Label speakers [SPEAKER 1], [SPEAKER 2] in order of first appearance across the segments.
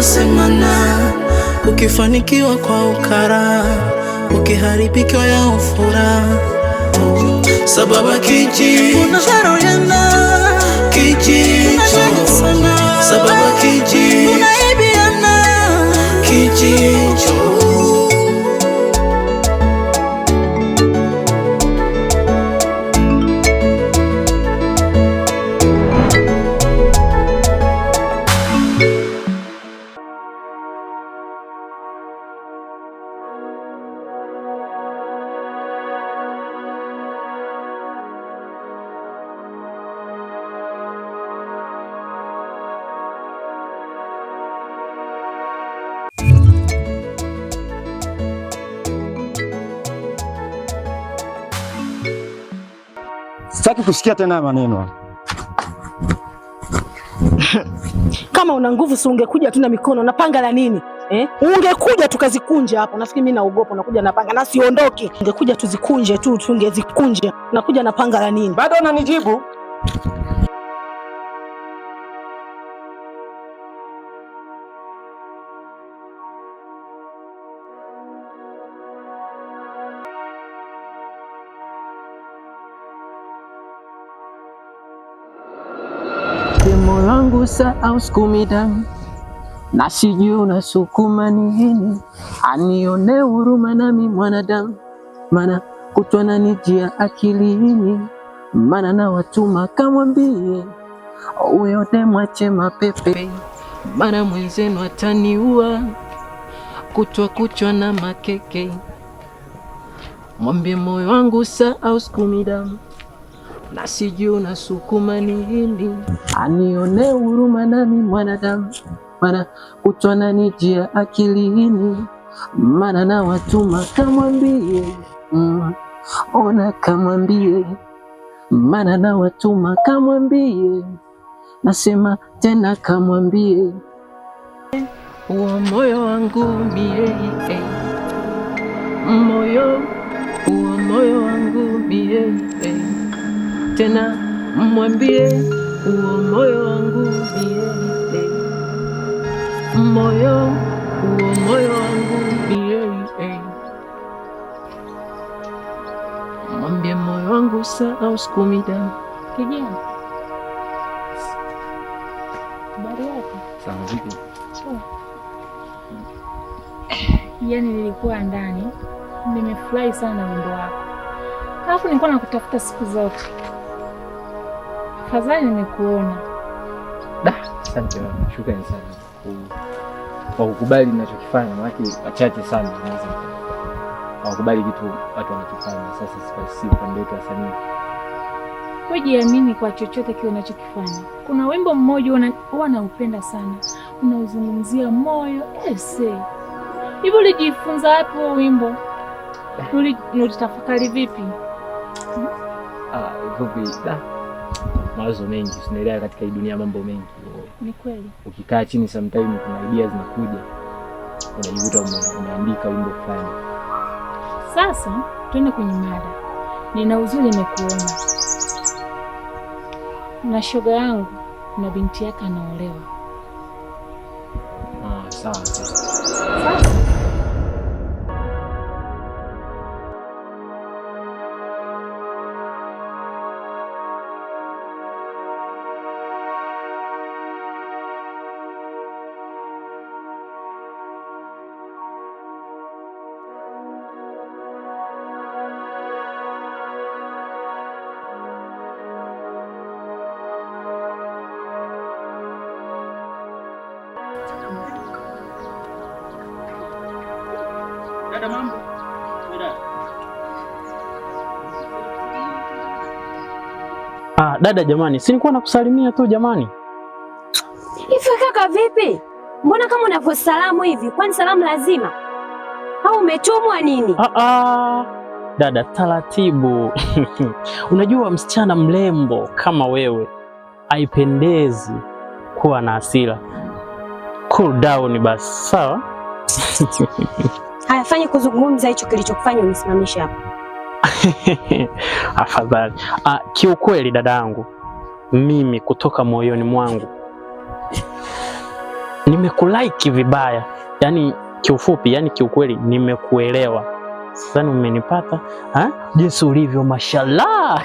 [SPEAKER 1] tunayosemana, ukifanikiwa kwa ukara, ukiharibikiwa ya ufura sababa kiji kijicho
[SPEAKER 2] Sitaki kusikia tena maneno.
[SPEAKER 3] Kama una nguvu si ungekuja tu na mikono na panga la nini eh? Ungekuja tukazikunja hapo. Nafikiri mimi naogopa, unakuja na panga na siondoke. Ungekuja tuzikunje tu, tungezikunja. Nakuja na panga la nini?
[SPEAKER 2] Bado unanijibu?
[SPEAKER 4] kugusa au sukumi damu na sijui unasukuma nini, anione huruma nami mwanadamu, mana kutwa na nijia akilini, mana na watuma kamwambie huyo mwache mapepe, maana mwenzenu ataniua kutwa kuchwa na makeke, mwambie moyo wangu sa au sukumi damu na sijui nasukuma nini, anione huruma nami mwanadamu, mana kutwa jia akilini, mana na watuma kamwambie mm, ona kamwambie, mana na watuma kamwambie, nasema tena kamwambie uo moyo wangu mie moyo uo moyo wangu mie tena mwambie uo moyo wangu milele, moyo uo moyo wangu milele, mwambie moyo wangu saa au siku mida
[SPEAKER 5] kijana habari Yani nilikuwa ndani nimefurahi sana na wimbo wako, alafu nilikuwa nakutafuta siku zote. Afadhali nimekuona.
[SPEAKER 2] Da, asante mama, shukrani sana kwa kukubali ninachokifanya, maana wachache sana hawakubali kitu watu wanakifanya. Sasa sisi upande wetu wasanii,
[SPEAKER 5] wejiamini kwa chochote kile unachokifanya. Kuna wimbo mmoja huwa naupenda sana, unauzungumzia moyo ese. Eh, Hivi ulijifunza wapi huo wimbo? Ulitafakari vipi?
[SPEAKER 2] Ah, vipi da mawazo mengi, sinaelewa katika hii dunia mambo mengi. Ni kweli, ukikaa chini sometime kuna idea zinakuja, unajikuta umeandika wimbo fulani.
[SPEAKER 5] Sasa twende kwenye mada. Nina uzuri nimekuona na shoga yangu na binti yake anaolewa.
[SPEAKER 2] Ah, sawa sawa. Dada mambo. Ah, dada jamani, si nilikuwa nakusalimia tu jamani.
[SPEAKER 6] Hivi kaka vipi? Mbona kama unavyosalamu hivi? Kwani salamu lazima au umetumwa nini?
[SPEAKER 2] Ah, ah. Dada taratibu. Unajua msichana mrembo kama wewe haipendezi kuwa na hasira. Cool down basi, sawa?
[SPEAKER 6] hayafanyi kuzungumza hicho kilichokufanya unisimamishe hapa.
[SPEAKER 2] Afadhali. Ah, kiukweli dadangu, mimi kutoka moyoni mwangu nimekulaiki vibaya, yaani kiufupi, yaani kiukweli nimekuelewa. Sasa umenipata ah, jinsi ulivyo, mashallah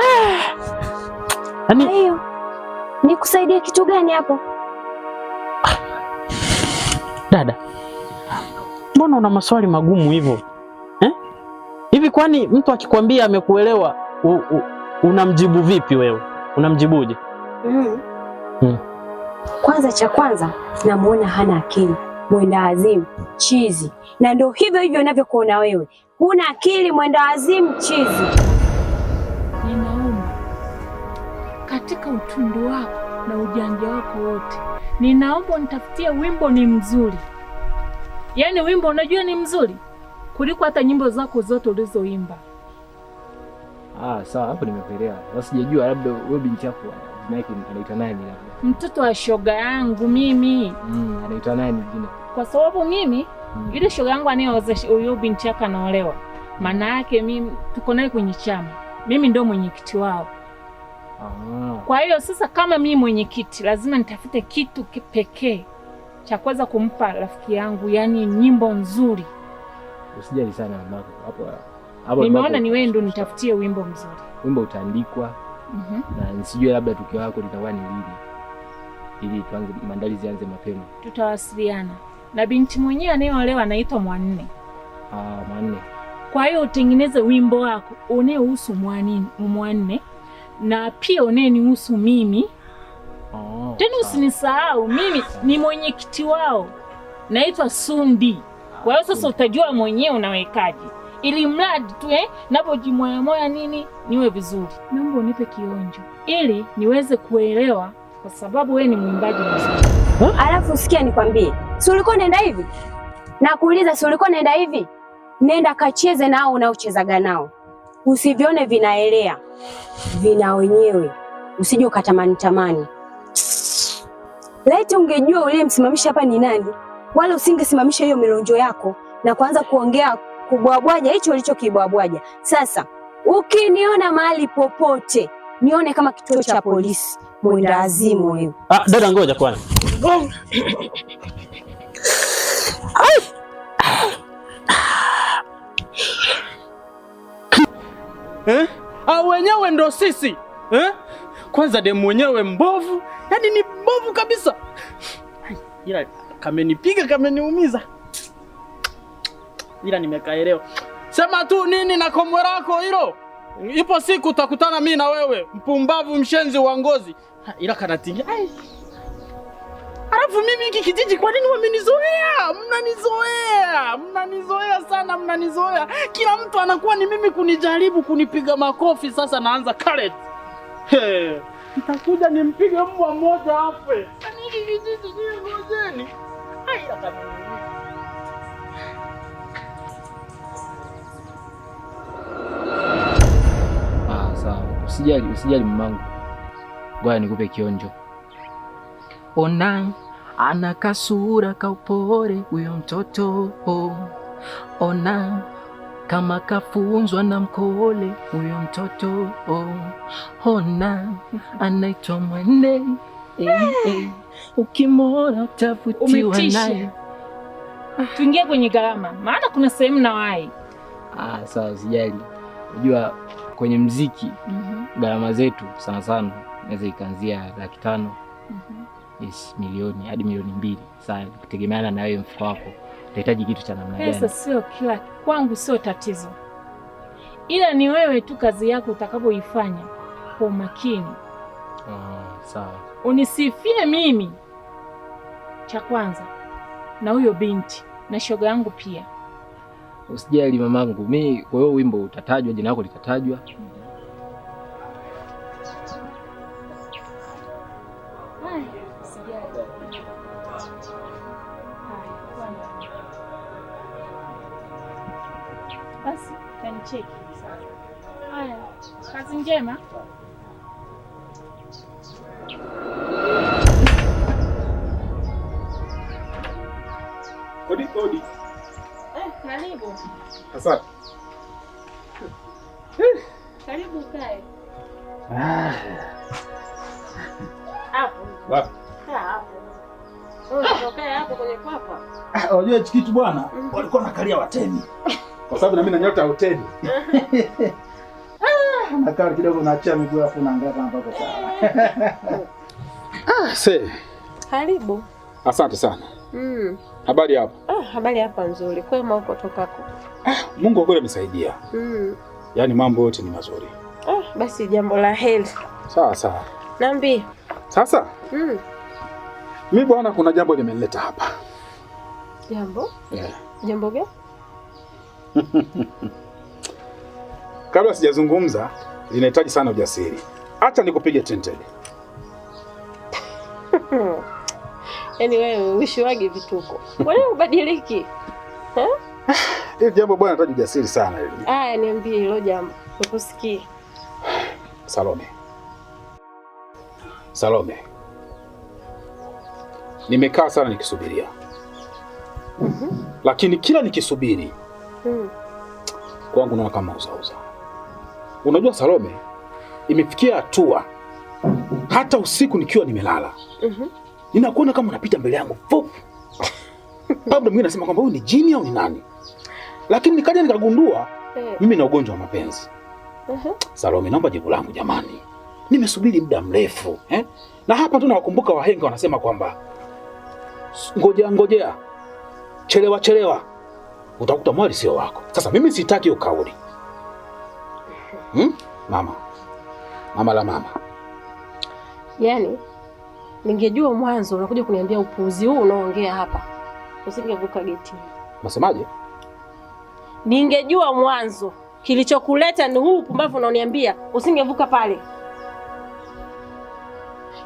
[SPEAKER 6] ah, yaani hiyo nikusaidia kitu gani hapo ah.
[SPEAKER 2] dada? Mbona una maswali magumu hivyo eh? Hivi kwani mtu akikwambia amekuelewa unamjibu vipi wewe? Unamjibuje? mm.
[SPEAKER 6] mm. Kwanza cha kwanza namuona hana akili, mwenda azimu chizi, na ndio hivyo hivyo ninavyokuona wewe, huna akili, mwenda azimu chizi.
[SPEAKER 5] Ninaomba katika utundu wako na ujanja wako wote, ninaomba nitafutie wimbo ni mzuri Yaani wimbo unajua ni mzuri kuliko hata nyimbo zako zote ulizoimba.
[SPEAKER 2] Ah, sawa, hapo nimekuelewa. Sijajua labda wewe binti yako anaitwa nani labda?
[SPEAKER 5] Mtoto wa shoga yangu mimi.
[SPEAKER 2] Mm, anaitwa nani jina?
[SPEAKER 5] Kwa sababu mimi mm, ile shoga yangu anayeozesha huyo binti yako anaolewa. Maana yake mimi tuko naye kwenye chama. Mimi ndio mwenyekiti wao. Ah. Kwa hiyo sasa kama mimi mwenyekiti lazima nitafute kitu kipekee cha kwanza kumpa rafiki yangu, yani nyimbo nzuri.
[SPEAKER 2] Usijali sana mamako hapo
[SPEAKER 5] hapo, nimeona ni wewe ndo nitafutie wimbo mzuri.
[SPEAKER 2] Wimbo utaandikwa mm -hmm. na nisijue labda tukio lako litakuwa ni lini, ili tuanze maandalizi yanze mapema.
[SPEAKER 5] Tutawasiliana na binti mwenyewe anayeolewa anaitwa Mwanne.
[SPEAKER 2] Ah, Mwanne.
[SPEAKER 5] Kwa hiyo utengeneze wimbo wako unayehusu Mwanne na pia unayenihusu mimi Oh, tena usinisahau mimi ni mwenyekiti wao, naitwa Sundi. Kwa hiyo sasa utajua mwenyewe unawekaje, ili mradi tu eh, napojimoya moya nini niwe vizuri. Naomba unipe kionjo ili niweze kuelewa, kwa sababu wewe ni mwimbaji mzuri.
[SPEAKER 6] Alafu sikia, nikwambie, si ulikuwa unaenda hivi? Nakuuliza, si ulikuwa unaenda hivi? Nenda kacheze nao unaochezaga nao, usivione vinaelea, vina wenyewe, usije ukatamani tamani Laiti ungejua uliyemsimamisha hapa ni nani, wala usingesimamisha hiyo milonjo yako na kuanza kuongea kubwabwaja hicho ulichokibwabwaja. Sasa ukiniona mahali popote, nione kama kituo cha polisi, mwenda azimu wewe.
[SPEAKER 2] Ah, dada, ngoja kwanza. Eh? wenyewe ndo sisi eh? Kwanza demu wenyewe mbovu yani ni bovu kabisa, ila kamenipiga kameniumiza, ila nimekaelewa. Sema tu nini na komwe lako hilo, ipo siku utakutana mi na wewe, mpumbavu mshenzi wa ngozi, ila kanatingi Alafu mimi hiki kijiji kwa nini wamenizoea? Mnanizoea, mnanizoea sana, mnanizoea. Kila mtu anakuwa ni mimi kunijaribu, kunipiga makofi. Sasa naanza karet. Hey nitakuja nimpige mbwa mmoja afe. Ah, sawa, usijali, usijali mamangu, ngoja nikupe kionjo.
[SPEAKER 1] Ona ana kasura kaupore huyo mtoto, ona kama kafunzwa na mkoole huyo mtoto oh. Hona anaitwa Mwene eh, eh. Ukimwona utavutiwa naye.
[SPEAKER 5] Tuingie kwenye gharama, maana kuna sehemu na wai.
[SPEAKER 2] Ah, sawa, sijali. Unajua kwenye mziki mm -hmm. gharama zetu sana sana naweza ikaanzia laki tano mm -hmm. yes, milioni hadi milioni mbili, saa kutegemeana na wewe mfuko wako utahitaji kitu cha namna gani.
[SPEAKER 5] Pesa sio kila kwangu, sio tatizo, ila ni wewe tu kazi yako utakapoifanya kwa umakini. Ah, sawa. Unisifie mimi cha kwanza na huyo binti na shoga yangu pia.
[SPEAKER 2] Usijali mamangu, mi kwa hiyo wimbo utatajwa, jina lako litatajwa, hmm.
[SPEAKER 5] Ah,
[SPEAKER 7] unajua hichi kitu bwana, walikuwa nakalia watemi kwa sababu nami na nyota ya hoteli ah, nakaa kidogo, naachia miguu afu naangaika mpaka sana. Ah, Karibu. Asante sana. Mm. Habari hapo?
[SPEAKER 5] Ah, habari hapa nzuri. Kwema huko tokako?
[SPEAKER 7] Ah, Mungu kweli amesaidia. Mm. Yaani mambo yote ni mazuri.
[SPEAKER 5] Basi jambo la heri. Sawa sawa. nambi
[SPEAKER 7] Sasa? Mm. Mi bwana, kuna jambo limenileta hapa. Jambo? Yeah.
[SPEAKER 5] Jambo gani?
[SPEAKER 7] Kabla sijazungumza, linahitaji sana ujasiri. Acha nikupige tentele.
[SPEAKER 5] Yaani wewe uishiwage vituko. nini ubadiliki.
[SPEAKER 7] Hili jambo bwana, nahitaji ujasiri sana hili.
[SPEAKER 5] Aya, niambie hilo jambo. Nikusikie.
[SPEAKER 7] Salome, Salome, nimekaa sana nikisubiria mm -hmm. Lakini kila nikisubiri mm. kwangu naona kama uzauza. Unajua Salome, imefikia hatua hata usiku nikiwa nimelala mm -hmm. ninakuona kama unapita mbele yangu fupu labda mwingine anasema kwamba huyu ni jini au ni nani, lakini nikaja nikagundua eh. mimi na ugonjwa wa mapenzi uh-huh. Salome, naomba jibu langu jamani, nimesubiri muda mrefu eh? na hapa tu nawakumbuka wahenga wanasema kwamba ngojea ngojea, chelewa chelewa, utakuta mwali sio wako. Sasa mimi sitaki ukauli hmm? Mama, mama la mama,
[SPEAKER 6] yaani ningejua mwanzo unakuja kuniambia upuuzi huu unaoongea hapa, usingevuka geti. Nasemaje? ningejua mwanzo Kilichokuleta ni huu pumbavu unaoniambia usingevuka pale.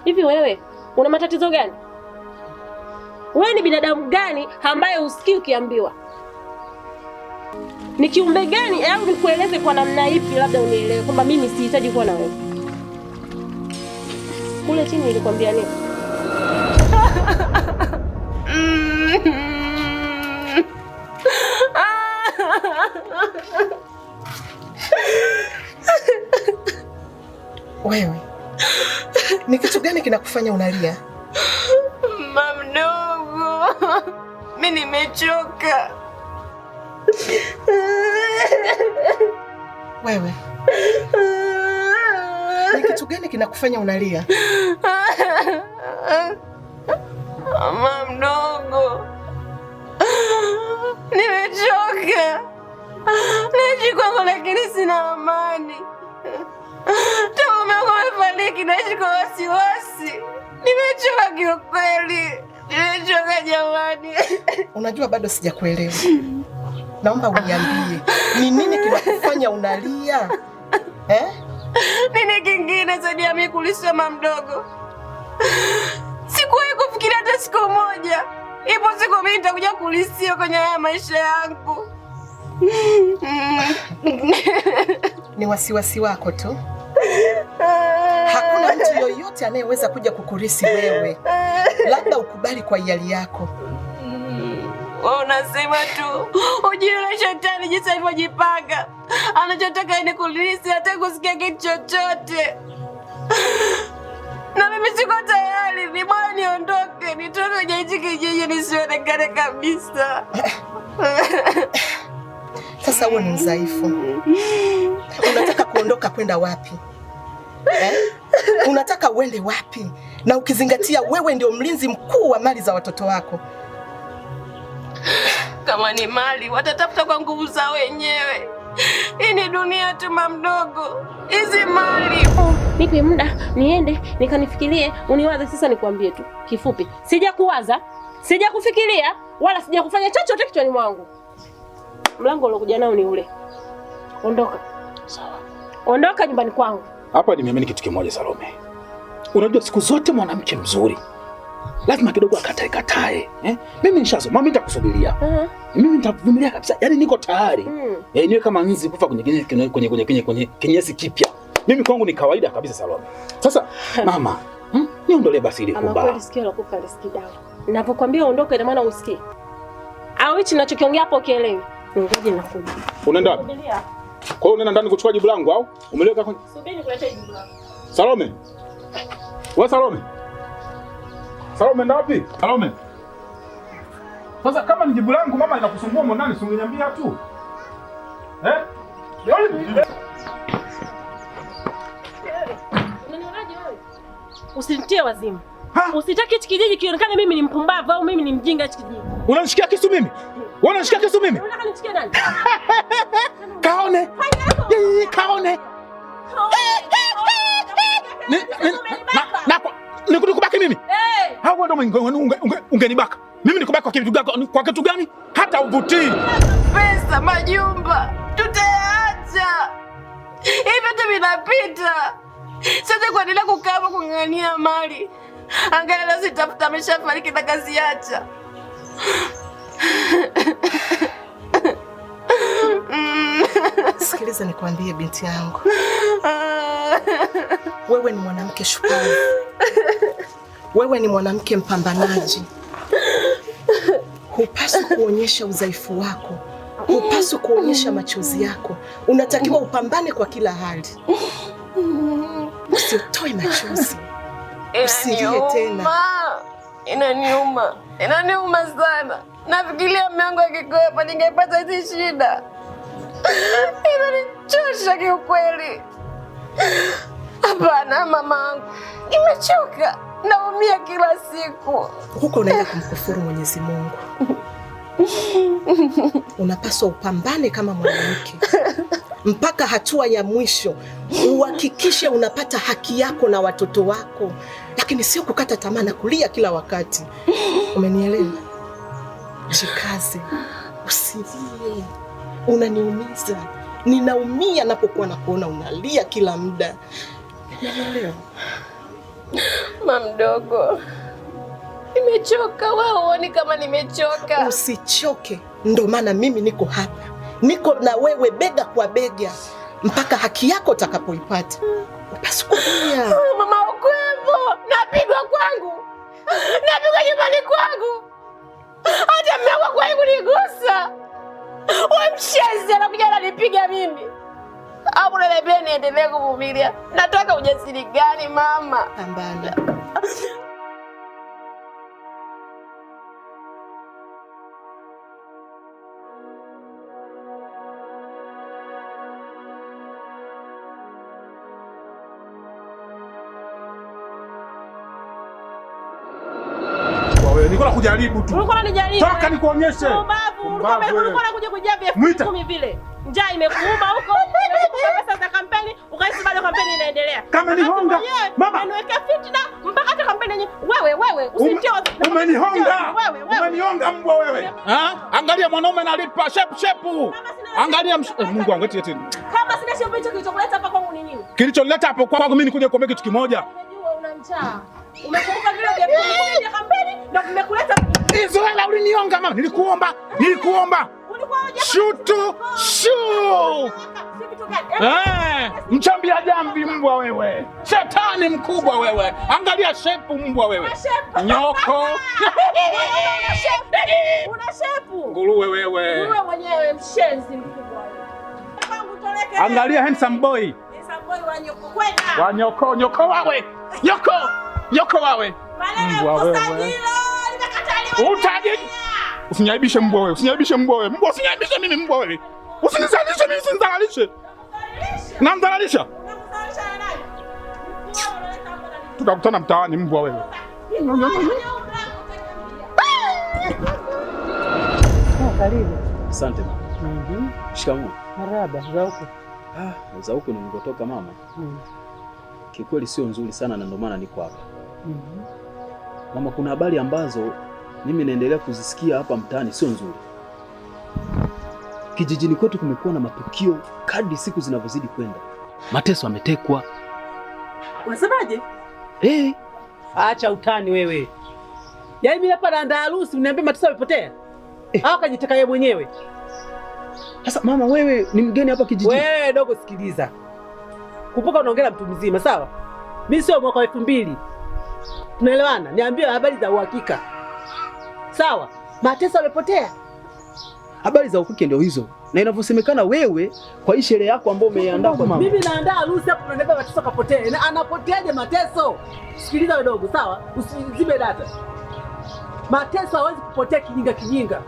[SPEAKER 6] Hivi wewe una matatizo gani? Wewe ni binadamu gani ambaye usikii ukiambiwa? Ni kiumbe gani au nikueleze kwa namna ipi labda unielewe kwamba mimi sihitaji kuwa na wewe? Kule chini nilikwambia nini?
[SPEAKER 8] Wewe ni kitu gani kinakufanya unalia?
[SPEAKER 9] Mama mdogo, mi nimechoka.
[SPEAKER 8] Wewe ni kitu gani kinakufanya unalia?
[SPEAKER 9] Mama mdogo, nimechoka naishi kwangu, lakini sina amani. Tangu mume wangu amefariki, naishi kwa wasiwasi. Nimechoka kiukweli, nimechoka jamani.
[SPEAKER 8] Unajua bado sijakuelewa, naomba uniambie ni nini kinakufanya unalia eh?
[SPEAKER 9] Nini kingine zaidi ya mimi kulisoma mdogo? Sikuwahi kufikiria hata siku moja, ipo siku mimi nitakuja kulisio kwenye haya maisha yangu.
[SPEAKER 8] Ni wasiwasi wako tu. Hakuna mtu yoyote anayeweza kuja kukurisi wewe, labda ukubali kwa hiari yako.
[SPEAKER 9] Unasema tu ujile shetani jinsi alivyojipanga, anachotaka ni kulisi, hata kusikia kitu chochote. Na mimi siko tayari, ni bora niondoke, nitoke kwenye hichi kijiji, nisionekane kabisa.
[SPEAKER 8] Sasa huo ni mzaifu Unataka kuondoka kwenda wapi eh? Unataka uende wapi, na ukizingatia wewe ndio mlinzi mkuu wa mali za watoto wako.
[SPEAKER 9] Kama ni mali watatafuta kwa nguvu za wenyewe. Hii ni dunia tuma mdogo, hizi mali oh.
[SPEAKER 6] Nipe muda niende nikanifikirie, uniwaze sasa. Nikwambie tu kifupi, sija kuwaza, sija kufikiria, wala sija kufanya chochote kichwani mwangu mlango uliokuja nao ni ule. Ondoka. Sawa. Ondoka nyumbani kwangu.
[SPEAKER 7] Hapa nimeamini kitu kimoja Salome. Unajua siku zote mwanamke mzuri lazima kidogo akatae katae. Eh? Mimi nishasoma, mimi nitakusubiria. Uh -huh. Mimi nitavumilia kabisa. Yaani niko tayari. Mm. Eh, niwe kama nzi kufa kwenye kwenye kwenye kwenye kwenye kwenye, kinyesi kipya. Mimi kwangu ni kawaida kabisa Salome. Sasa mama, hmm? Niondolee basi ile
[SPEAKER 6] kubwa. Ama kweli sikio la kufa lisikidao. Ninapokuambia ondoka ina maana usikii. Au hichi ninachokiongea hapo kielewi. Ngoja nakuja.
[SPEAKER 7] Unaenda wapi? Kwa hiyo unaenda ndani kuchukua jibu langu au? Umeleka kwenye?
[SPEAKER 6] Subiri nikuletee jibu langu.
[SPEAKER 7] Salome. Wewe Salome. Salome nda wapi? Salome. Sasa kama ni jibu langu mama inakusumbua mbona nani usingeniambia tu? Eh? Yoni. Yaani
[SPEAKER 6] Unanionaje wewe? Usinitie wazimu. Usitaki hichi kijiji kionekane mimi ni mpumbavu au mimi ni mjinga hichi kijiji.
[SPEAKER 7] Unanishikia kisu mimi? Wanashikia kisu mimi? Kaone. Yeye kaone. Nikubaki mimi? Hao ndio ungenibaka. Mimi nikubaki kwa kitu gani? Kwa kitu gani? Hata uvutii.
[SPEAKER 9] Pesa, majumba, tutaacha. Hivi vitu vinapita. Sasa kuendelea kukaa kung'ang'ania mali. Angalau sitafuta ameshafariki na kazi acha.
[SPEAKER 8] Sikiliza nikwambie, binti yangu, wewe ni mwanamke shupavu, wewe ni mwanamke mpambanaji. Hupaswi kuonyesha udhaifu wako, hupaswi kuonyesha machozi yako. Unatakiwa upambane kwa kila hali, usitoe machozi, usilie tena.
[SPEAKER 9] Inaniuma, inaniuma sana. Nafikiria mmeangu akikwepa, ningepata hizi shida Inanichosha kiukweli. Hapana mamangu, imechoka naumia kila siku.
[SPEAKER 8] Huko unaenda kumkufuru Mwenyezi Mungu. Unapaswa upambane kama mwanamke mpaka hatua ya mwisho, uhakikishe unapata haki yako na watoto wako, lakini sio kukata tamaa na kulia kila wakati. Umenielewa? Jikaze, usilie unaniumiza, ninaumia napokuwa na kuona unalia kila muda.
[SPEAKER 9] ma mdogo, nimechoka. Wao huoni kama nimechoka?
[SPEAKER 8] Usichoke, ndo maana mimi niko hapa, niko na wewe bega kwa bega mpaka haki yako utakapoipata. Upasukua
[SPEAKER 9] Nataka ujasiri gani mama?
[SPEAKER 8] Pambana.
[SPEAKER 7] Nilikuwa kujaribu tu.
[SPEAKER 6] Ulikuwa unanijaribu.
[SPEAKER 7] Toka eh? nikuonyeshe.
[SPEAKER 6] Mbavu, ulikuwa unakuja kujia vile. Njaa imekuuma huko urais bado kampeni inaendelea.
[SPEAKER 7] Kama ni honga. mama,
[SPEAKER 6] niwekea fitna mpaka hata kampeni yenyewe. Wewe wewe
[SPEAKER 7] usitie, umenihonga umenihonga mbwa wewe. Ah, angalia mwanaume analipa shepu shepu. Angalia eh, Mungu wangu, eti eti.
[SPEAKER 6] Kama sina shepu hicho kilichokuleta hapa kwangu ni nini?
[SPEAKER 7] Kilichonileta hapo kwangu mimi nikuja kuomba kitu kimoja.
[SPEAKER 6] Unajua una njaa. Umekumbuka vile vya kampeni ndio nimekuleta.
[SPEAKER 7] Hizo hela ulinionga mama, nilikuomba, nilikuomba shutu shuu. Eh, mchambia jambi mbwa wewe, shetani mkubwa wewe, angalia shepu mbwa wewe, nyoko nguruwe wewe, angalia handsome boy wa nyoko nyoko wawe nyoko nyoko wawe,
[SPEAKER 6] maneno
[SPEAKER 7] utajiri Usiniaibishe mbwa wewe, usiniaibishe mbwa wewe. Mbwa usiniaibishe mimi mbwa wewe. Usinizalishe mimi usinizalishe. Namzalisha. Tutakutana mtaani mbwa wewe.
[SPEAKER 10] Karibu.
[SPEAKER 2] Asante mama. Mhm. Shikamoo.
[SPEAKER 10] Marhaba, za huko.
[SPEAKER 2] Ah, za huko nilikotoka mama. Mhm. Kikweli sio nzuri sana na ndio maana niko hapa. Mhm. Mama, kuna habari ambazo mimi naendelea kuzisikia hapa mtaani sio nzuri. Kijijini kwetu kumekuwa na matukio kadri siku zinavyozidi kwenda. Mateso ametekwa. Unasemaje? Eh,
[SPEAKER 10] acha utani wewe. Yaani mimi hapa naandaa harusi uniambie Mateso amepotea? hey? Eh. Au kajiteka yeye mwenyewe?
[SPEAKER 2] Sasa mama, wewe ni mgeni hapa kijijini.
[SPEAKER 10] Wewe dogo, sikiliza. Kumbuka unaongea mtu mzima, sawa? Mimi sio mwaka wa elfu mbili. Tunaelewana? Niambie habari za uhakika sawa. Mateso amepotea.
[SPEAKER 2] Habari za ukike ndio hizo, na inavyosemekana wewe kwa hii sherehe yako ambayo umeiandaa kwa mama.
[SPEAKER 10] Mimi naandaa harusi hapo, unaniambia Mateso kapotea. Na anapoteaje Mateso? Sikiliza wadogo, sawa, usizibe data. Mateso hawezi kupotea kijinga kijinga.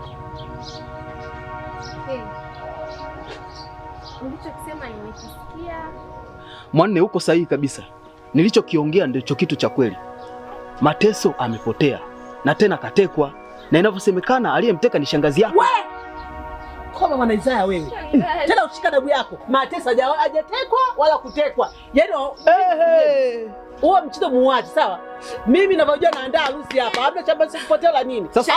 [SPEAKER 2] Mwanne, uko sahihi kabisa. Nilichokiongea ndicho kitu cha kweli. Mateso amepotea na tena katekwa na inavyosemekana aliyemteka ni shangazi yako.
[SPEAKER 10] We! Koma mwana Isaya wewe. Tena ushika dabu yako. Mateso hajatekwa wala kutekwa. Yaani oh, huo mchezo muwaji, sawa. Mimi ninavyojua naandaa harusi hapa. Hamna chamba si kupotea la nini?
[SPEAKER 2] Sasa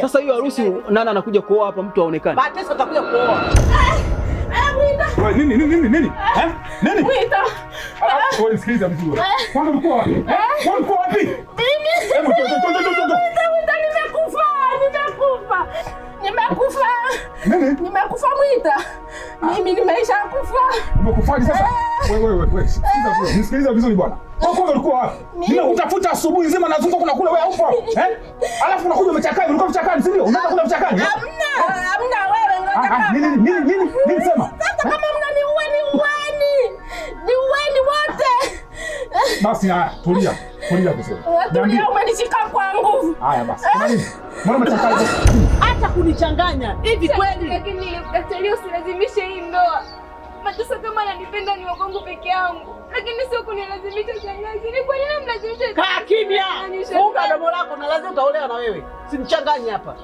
[SPEAKER 2] sasa hiyo harusi nani anakuja kuoa hapa mtu aonekane?
[SPEAKER 10] Mateso atakuja kuoa.
[SPEAKER 7] Eh, eh, nini nini nini nini? Eh, nini? Mwita. Ah, sikiliza mtu. Kwanza mkoa wapi? Kwanza mkoa wapi? Mimi.
[SPEAKER 9] Mwita. Mwita. Mwita. tuende. Nimekufa. Nini? Nimekufa Mwita. Ah. Mimi nimeisha kufa.
[SPEAKER 7] Umekufaje sasa? Eh. Wewe wewe wewe. Eh. Nisikiliza vizuri bwana. Kwa eh. kweli ulikuwa wapi? Mimi nakutafuta asubuhi nzima nazunguka kuna kule wewe haupo. Eh? Alafu unakuja umechakani, ulikuwa mchakani, si ndio? Unaanza kula mchakani.
[SPEAKER 9] Hamna. Hamna wewe ngoja.
[SPEAKER 7] Ah, ah, nini nini nini? Nini sema?
[SPEAKER 9] Sasa kama mnaniua niueni. Niueni wote.
[SPEAKER 7] Basi haya, tulia. Tulia vizuri.
[SPEAKER 9] Tulia umenishika kwa nguvu.
[SPEAKER 7] Haya basi. Mbona umechakani?
[SPEAKER 10] hata kunichanganya hivi kweli?
[SPEAKER 9] Lakini daktari, usilazimishe hii ndoa. Mateso kama ananipenda ni wangu peke yangu, lakini sio kunilazimisha shangazi. Ni kwa nini mlazimisha?
[SPEAKER 10] Kaa kimya, funga domo lako na lazima utaolewa na wewe. Simchanganye hapa.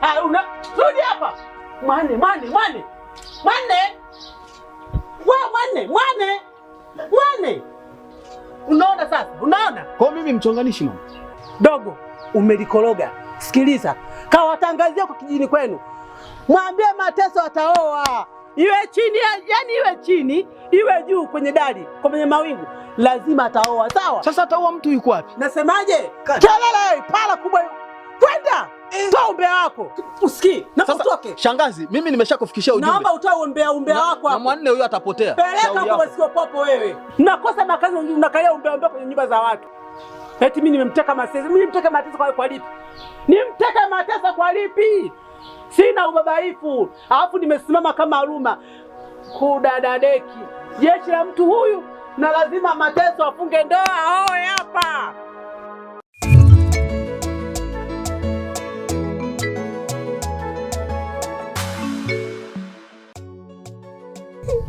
[SPEAKER 10] Ah, una rudi hapa. Mane, mane, mane. Mane. Wa mane, mane. Mane. Unaona sasa? Unaona?
[SPEAKER 2] Kwa mimi mchonganishi mama.
[SPEAKER 10] Dogo, umelikologa. Sikiliza, kawatangazia kwa kijini kwenu, mwambie mateso ataoa, iwe chini, yani iwe chini iwe juu, kwenye dari kwa kwenye mawingu, lazima ataoa. Sawa.
[SPEAKER 7] Sasa ataoa mtu yuko wapi?
[SPEAKER 10] Nasemaje? Kelele pala kubwa, kwenda eh. toa umbea wako
[SPEAKER 7] usikii na utoke. Shangazi, mimi nimeshakufikishia ujumbe,
[SPEAKER 10] naomba utoe umbea umbea wako
[SPEAKER 7] na mwanne huyo atapotea.
[SPEAKER 10] Peleka kwa wasio popo. Wewe nakosa makazi, unakalia umbea umbea kwenye nyumba za watu. Eti mimi nimemteka Masese, mimi nimemteka mateso kwa kwa lipi? Nimteke Matesa kwa lipi? Sina ubabaifu, alafu nimesimama kama Ruma kudadadeki jeshi la mtu huyu, na lazima Mateso afunge ndoa aoe hapa.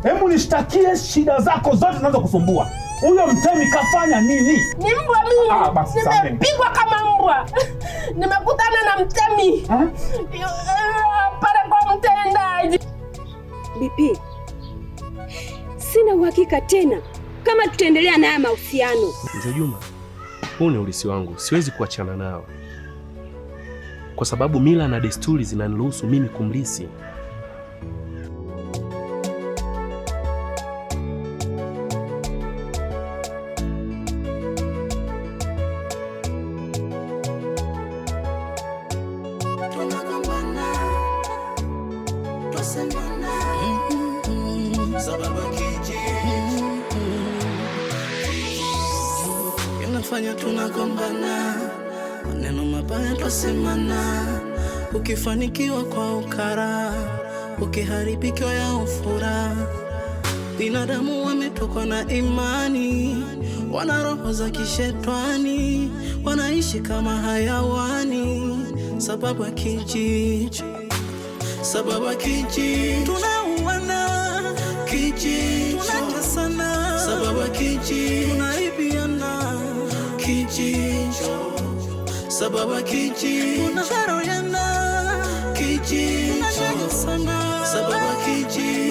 [SPEAKER 7] Hebu nishtakie shida zako zote zinazo kusumbua. Huyo mtemi kafanya nini? Ni mbwa mimi. Ah,
[SPEAKER 9] Nimepigwa kama mbwa. Nimekutana na mtemi pale kwa mtendaji.
[SPEAKER 11] Bibi, sina uhakika tena kama tutaendelea na haya mahusiano.
[SPEAKER 2] Mzee Juma, huu ni ulisi wangu, siwezi kuachana nao kwa sababu mila na desturi zinaniruhusu mimi kumlisi
[SPEAKER 1] majaribikio ya ufura. Binadamu wametokwa na imani, wana roho za kishetwani, wanaishi kama hayawani, sababu ya kijiji, sababu ya kijiji,
[SPEAKER 12] tunauana
[SPEAKER 1] kijiji,
[SPEAKER 12] tunatesana
[SPEAKER 1] sababu ya kijiji,
[SPEAKER 12] tunaibiana
[SPEAKER 1] kijiji, sababu ya kijiji,
[SPEAKER 12] tunadharauliana
[SPEAKER 1] kijiji sana Sababa Kiji.